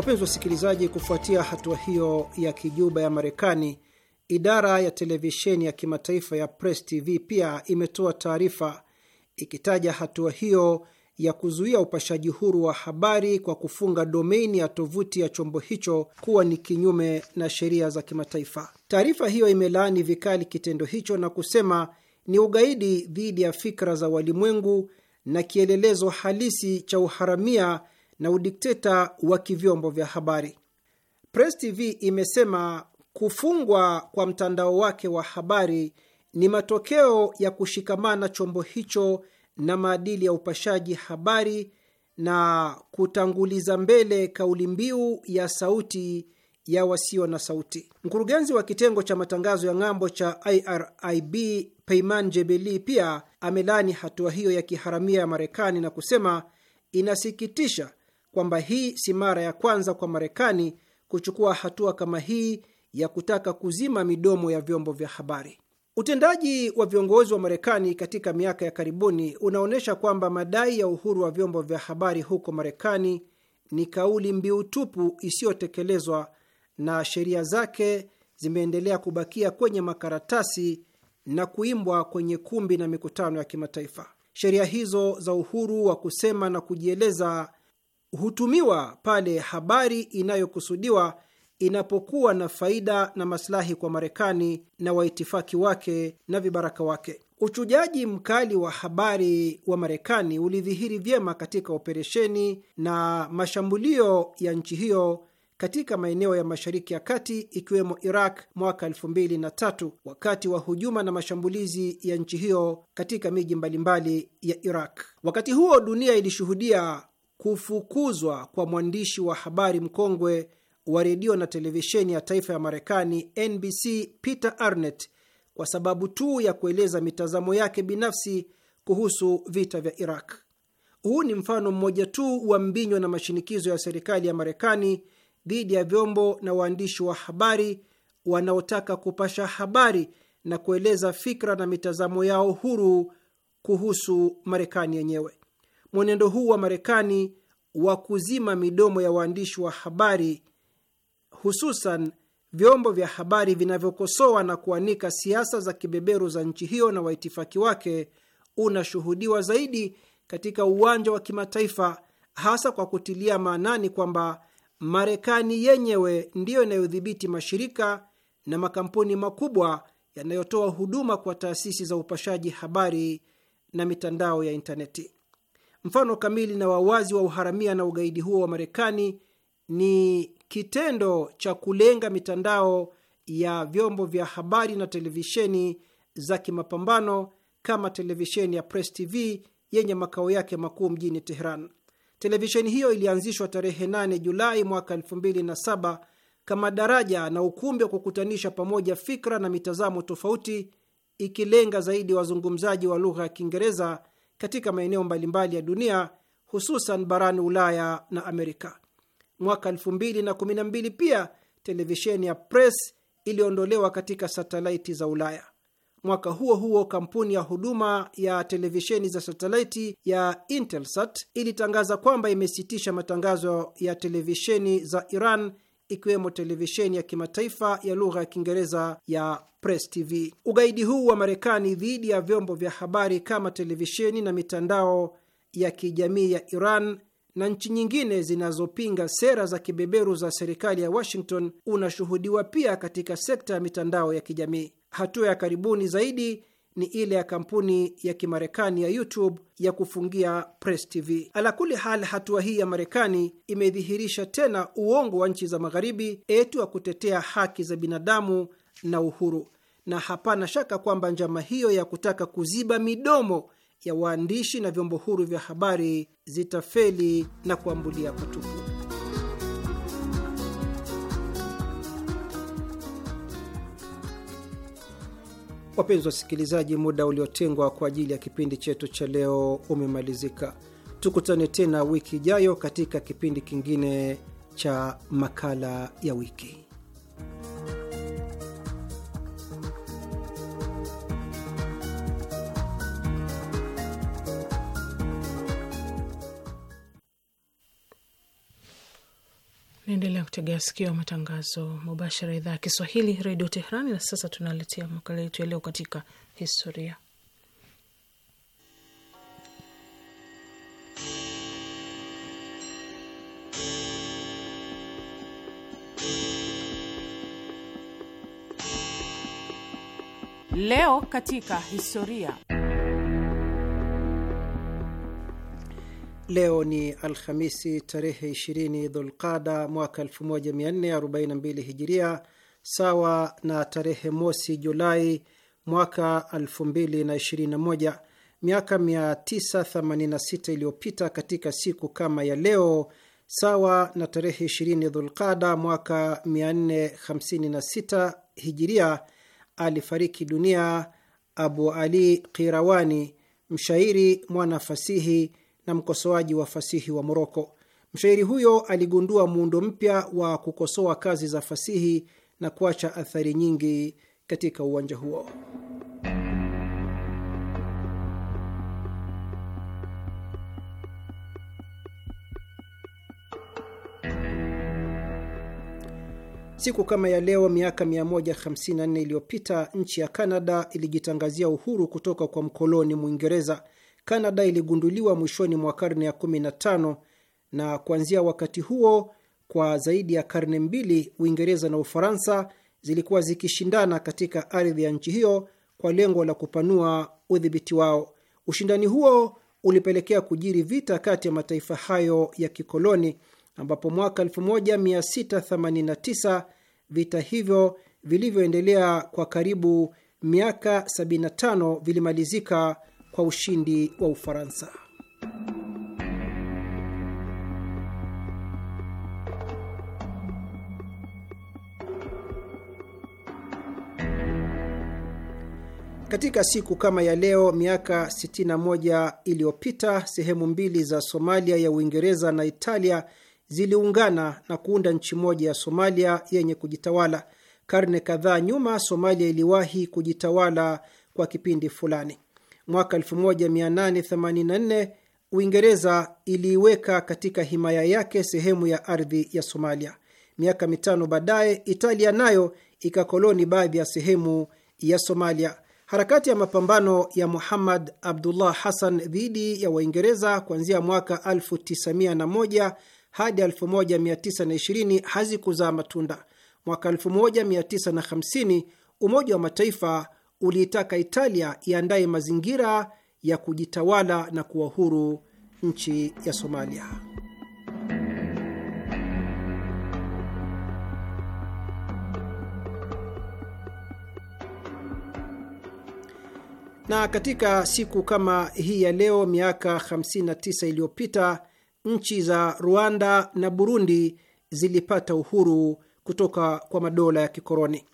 Wapenzi wasikilizaji, kufuatia hatua hiyo ya kijuba ya Marekani, idara ya televisheni ya kimataifa ya Press TV pia imetoa taarifa ikitaja hatua hiyo ya kuzuia upashaji huru wa habari kwa kufunga domeni ya tovuti ya chombo hicho kuwa ni kinyume na sheria za kimataifa. Taarifa hiyo imelaani vikali kitendo hicho na kusema ni ugaidi dhidi ya fikra za walimwengu na kielelezo halisi cha uharamia na udikteta wa kivyombo vya habari. Press TV imesema kufungwa kwa mtandao wake wa habari ni matokeo ya kushikamana chombo hicho na maadili ya upashaji habari na kutanguliza mbele kauli mbiu ya sauti ya wasio na sauti. Mkurugenzi wa kitengo cha matangazo ya ng'ambo cha IRIB Peiman Jebeli pia amelani hatua hiyo ya kiharamia ya Marekani na kusema inasikitisha kwamba hii si mara ya kwanza kwa Marekani kuchukua hatua kama hii ya kutaka kuzima midomo ya vyombo vya habari. Utendaji wa viongozi wa Marekani katika miaka ya karibuni unaonyesha kwamba madai ya uhuru wa vyombo vya habari huko Marekani ni kauli mbiu tupu isiyotekelezwa na sheria zake zimeendelea kubakia kwenye makaratasi na kuimbwa kwenye kumbi na mikutano ya kimataifa. Sheria hizo za uhuru wa kusema na kujieleza hutumiwa pale habari inayokusudiwa inapokuwa na faida na masilahi kwa Marekani na waitifaki wake na vibaraka wake. Uchujaji mkali wa habari wa Marekani ulidhihiri vyema katika operesheni na mashambulio ya nchi hiyo katika maeneo ya Mashariki ya Kati ikiwemo Iraq mwaka elfu mbili na tatu wakati wa hujuma na mashambulizi ya nchi hiyo katika miji mbalimbali ya Iraq. Wakati huo dunia ilishuhudia kufukuzwa kwa mwandishi wa habari mkongwe wa redio na televisheni ya taifa ya Marekani NBC Peter Arnett kwa sababu tu ya kueleza mitazamo yake binafsi kuhusu vita vya Iraq. Huu ni mfano mmoja tu wa mbinywa na mashinikizo ya serikali ya Marekani dhidi ya vyombo na waandishi wa habari wanaotaka kupasha habari na kueleza fikra na mitazamo yao huru kuhusu Marekani yenyewe mwenendo huu wa Marekani wa kuzima midomo ya waandishi wa habari, hususan vyombo vya habari vinavyokosoa na kuanika siasa za kibeberu za nchi hiyo na waitifaki wake, unashuhudiwa zaidi katika uwanja wa kimataifa, hasa kwa kutilia maanani kwamba Marekani yenyewe ndiyo inayodhibiti mashirika na makampuni makubwa yanayotoa huduma kwa taasisi za upashaji habari na mitandao ya intaneti. Mfano kamili na wawazi wa uharamia na ugaidi huo wa Marekani ni kitendo cha kulenga mitandao ya vyombo vya habari na televisheni za kimapambano kama televisheni ya Press TV yenye makao yake makuu mjini Teheran. Televisheni hiyo ilianzishwa tarehe 8 Julai mwaka 2007 kama daraja na ukumbi wa kukutanisha pamoja fikra na mitazamo tofauti, ikilenga zaidi wazungumzaji wa lugha ya Kiingereza katika maeneo mbalimbali ya dunia hususan barani Ulaya na Amerika. Mwaka 2012 pia televisheni ya Press iliondolewa katika satelaiti za Ulaya. Mwaka huo huo kampuni ya huduma ya televisheni za satelaiti ya Intelsat ilitangaza kwamba imesitisha matangazo ya televisheni za Iran ikiwemo televisheni ya kimataifa ya lugha ya Kiingereza ya Press TV. Ugaidi huu wa Marekani dhidi ya vyombo vya habari kama televisheni na mitandao ya kijamii ya Iran na nchi nyingine zinazopinga sera za kibeberu za serikali ya Washington unashuhudiwa pia katika sekta ya mitandao ya kijamii. Hatua ya karibuni zaidi ni ile ya kampuni ya Kimarekani ya YouTube ya kufungia Press TV. kuli hal, hatua hii ya Marekani imedhihirisha tena uongo wa nchi za Magharibi etu wa kutetea haki za binadamu na uhuru, na hapana shaka kwamba njama hiyo ya kutaka kuziba midomo ya waandishi na vyombo huru vya habari zitafeli na kuambulia patupu. Wapenzi wasikilizaji, muda uliotengwa kwa ajili ya kipindi chetu cha leo umemalizika. Tukutane tena wiki ijayo katika kipindi kingine cha makala ya wiki. Naendelea kutegea sikio matangazo mubashara idhaa ya Kiswahili redio Teherani. Na sasa tunaletea makala yetu ya leo katika historia. Leo katika historia Leo ni Alhamisi tarehe 20 Dhulqada mwaka 1442 Hijiria, sawa na tarehe mosi Julai mwaka 2021. Miaka 986 iliyopita katika siku kama ya leo, sawa na tarehe 20 Dhulqada mwaka 456 Hijiria, alifariki dunia Abu Ali Qirawani, mshairi, mwanafasihi na mkosoaji wa fasihi wa Moroko. Mshairi huyo aligundua muundo mpya wa kukosoa kazi za fasihi na kuacha athari nyingi katika uwanja huo. Siku kama ya leo miaka 154 iliyopita nchi ya Kanada ilijitangazia uhuru kutoka kwa mkoloni Mwingereza. Kanada iligunduliwa mwishoni mwa karne ya 15 na kuanzia wakati huo kwa zaidi ya karne mbili, Uingereza na Ufaransa zilikuwa zikishindana katika ardhi ya nchi hiyo kwa lengo la kupanua udhibiti wao. Ushindani huo ulipelekea kujiri vita kati ya mataifa hayo ya kikoloni, ambapo mwaka 1689 vita hivyo vilivyoendelea kwa karibu miaka 75 vilimalizika kwa ushindi wa Ufaransa. Katika siku kama ya leo miaka 61 iliyopita sehemu mbili za Somalia ya Uingereza na Italia ziliungana na kuunda nchi moja ya Somalia yenye kujitawala. Karne kadhaa nyuma, Somalia iliwahi kujitawala kwa kipindi fulani. Mwaka 1884 Uingereza iliiweka katika himaya yake sehemu ya ardhi ya Somalia. Miaka mitano baadaye, Italia nayo ikakoloni baadhi ya sehemu ya Somalia. Harakati ya mapambano ya Muhammad Abdullah Hassan dhidi ya Waingereza kuanzia mwaka 1901 hadi 1920 hazikuzaa matunda. Mwaka 1950 Umoja wa Mataifa uliitaka Italia iandaye mazingira ya kujitawala na kuwa huru nchi ya Somalia. Na katika siku kama hii ya leo miaka 59 iliyopita nchi za Rwanda na Burundi zilipata uhuru kutoka kwa madola ya kikoloni.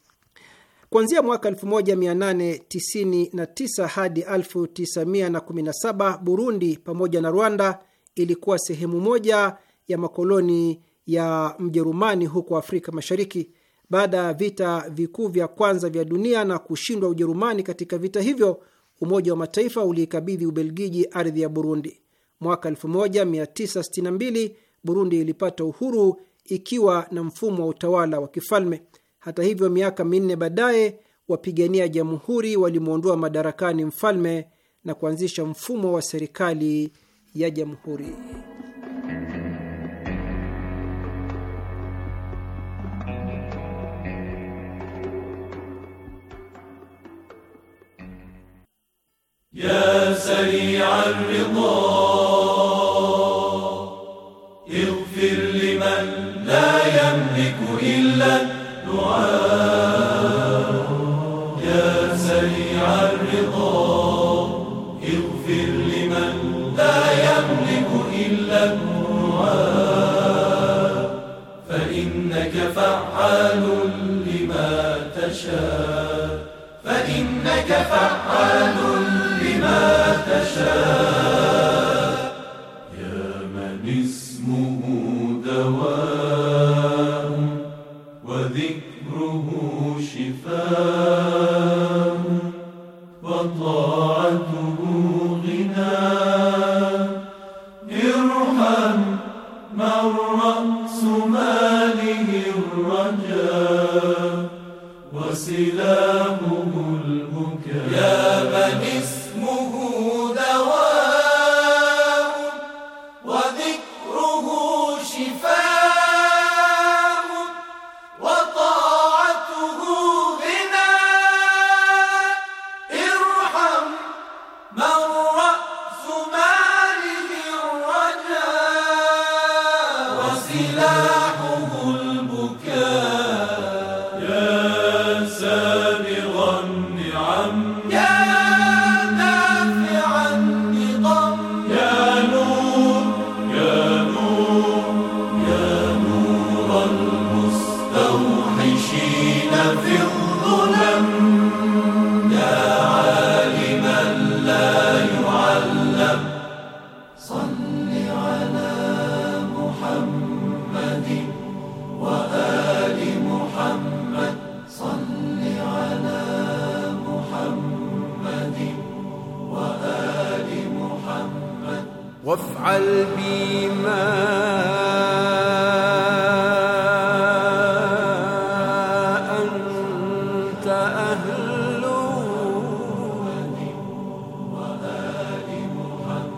Kuanzia mwaka 1899 hadi 1917 Burundi pamoja na Rwanda ilikuwa sehemu moja ya makoloni ya Mjerumani huko Afrika Mashariki. Baada ya vita vikuu vya kwanza vya dunia na kushindwa Ujerumani katika vita hivyo, Umoja wa Mataifa uliikabidhi Ubelgiji ardhi ya Burundi. Mwaka 1962 Burundi ilipata uhuru ikiwa na mfumo wa utawala wa kifalme. Hata hivyo, miaka minne baadaye wapigania jamhuri walimwondoa madarakani mfalme na kuanzisha mfumo wa serikali ya jamhuri. Ya ridha فعال لما تشاء فإنك فعال لما تشاء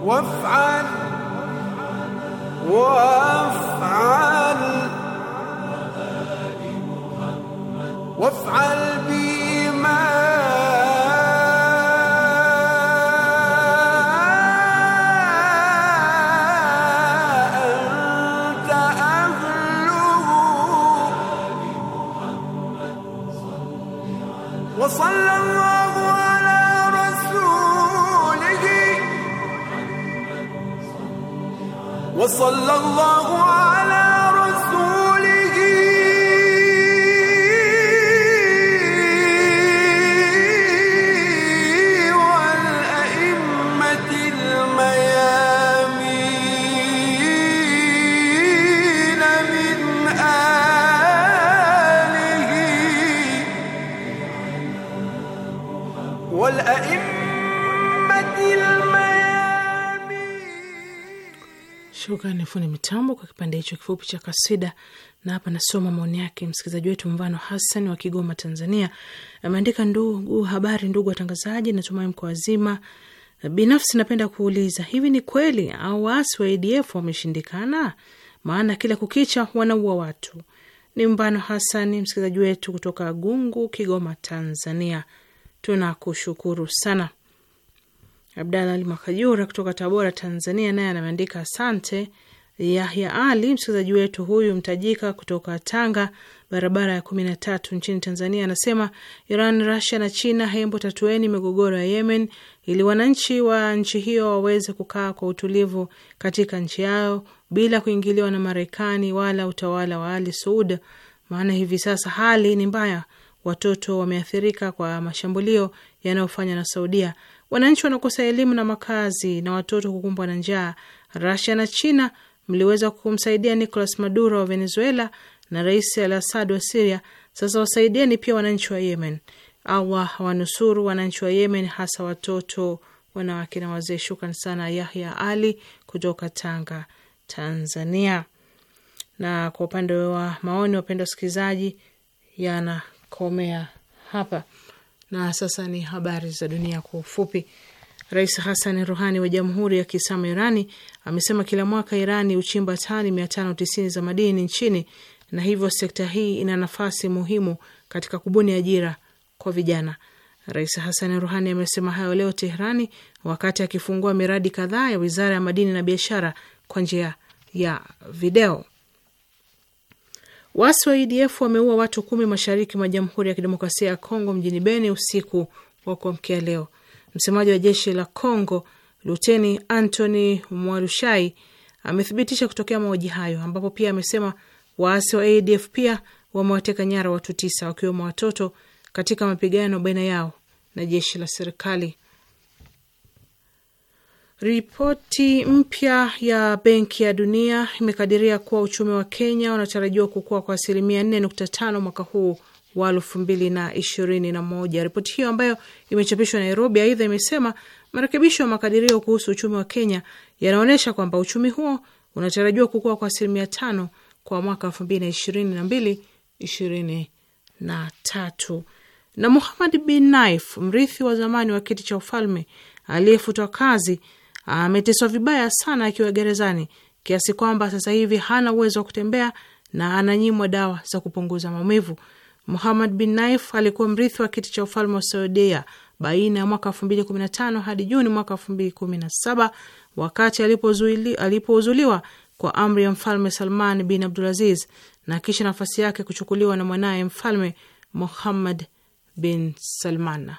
وافعل وافعل وافعل صلى الله عليه Shukrani fundi mitambo kwa kipande hicho kifupi cha kasida. Na hapa nasoma maoni yake msikilizaji wetu Mvano Hassan wa Kigoma, Tanzania, ameandika: ndugu habari, ndugu watangazaji, natumai mko wazima. Binafsi napenda kuuliza, hivi ni kweli au waasi wa ADF wameshindikana? Maana kila kukicha wanaua watu. Ni Mvano Hassan, msikilizaji wetu kutoka Gungu, Kigoma, Tanzania. Tunakushukuru sana. Abdala Ali Makajura kutoka Tabora, Tanzania, naye anameandika asante. Yahya Ali, msikilizaji wetu huyu mtajika kutoka Tanga, barabara ya kumi na tatu nchini Tanzania, anasema Iran, Rasia na China, hembo tatueni migogoro ya Yemen ili wananchi wa nchi hiyo waweze kukaa kwa utulivu katika nchi yao bila kuingiliwa na Marekani wala utawala wa Ali Saud, maana hivi sasa hali ni mbaya watoto wameathirika kwa mashambulio yanayofanywa na Saudia. Wananchi wanakosa elimu na makazi na watoto kukumbwa na njaa. Rasia na China mliweza kumsaidia Nicolas Maduro wa Venezuela na Rais Al Asad wa Siria, sasa wasaidieni pia wananchi wa Yemen. Allah wanusuru wananchi wa Yemen, hasa watoto, wanawake na wazee. Shukran sana Yahya Ali kutoka Tanga, Tanzania. Na kwa upande wa maoni, wapenda wasikilizaji, yana kukomea hapa na sasa ni habari za dunia kwa ufupi. Rais Hassan Ruhani wa Jamhuri ya Kiislamu Irani amesema kila mwaka Irani huchimba tani 590 za madini nchini na hivyo sekta hii ina nafasi muhimu katika kubuni ajira kwa vijana. Rais Hassan Ruhani amesema hayo leo Teherani wakati akifungua miradi kadhaa ya wizara ya madini na biashara kwa njia ya video. Waasi wa ADF e wameua watu kumi mashariki mwa Jamhuri ya Kidemokrasia ya Kongo mjini Beni usiku wa kuamkia leo. Msemaji wa jeshi la Kongo Luteni Antony Mwalushai amethibitisha kutokea mauaji hayo, ambapo pia amesema waasi wa ADF e pia wamewateka nyara watu tisa wakiwemo watoto katika mapigano baina yao na jeshi la serikali Ripoti mpya ya Benki ya Dunia imekadiria kuwa uchumi wa Kenya unatarajiwa kukua kwa asilimia 4.5 mwaka huu wa 2021. Ripoti hiyo ambayo imechapishwa Nairobi aidha imesema marekebisho ya makadirio kuhusu uchumi wa Kenya yanaonyesha kwamba uchumi huo unatarajiwa kukua kwa asilimia 5 kwa mwaka 2022 Na Muhamad bin Naif, mrithi wa zamani wa kiti cha ufalme aliyefutwa kazi ameteswa vibaya sana akiwa gerezani kiasi kwamba sasa hivi hana uwezo wa kutembea na ananyimwa dawa za kupunguza maumivu. Muhamad bin Naif alikuwa mrithi wa kiti cha ufalme wa Saudia baina ya mwaka 2015 hadi Juni mwaka 2017 wakati alipouzuliwa kwa amri ya mfalme Salman bin Abdulaziz na kisha nafasi yake kuchukuliwa na mwanaye mfalme Muhammad bin Salman.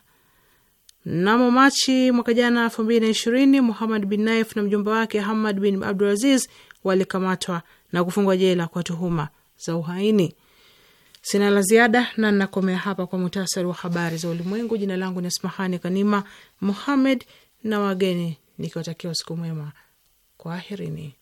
Mnamo Machi mwaka jana elfu mbili na ishirini, Muhamad bin Naif na mjumba wake Hamad bin Abdulaziz walikamatwa na kufungwa jela kwa tuhuma za uhaini. Sina la ziada na nakomea hapa kwa muhtasari wa habari za ulimwengu. Jina langu ni Asmahani Kanima Muhamed na wageni nikiwatakia usiku mwema, kwaherini.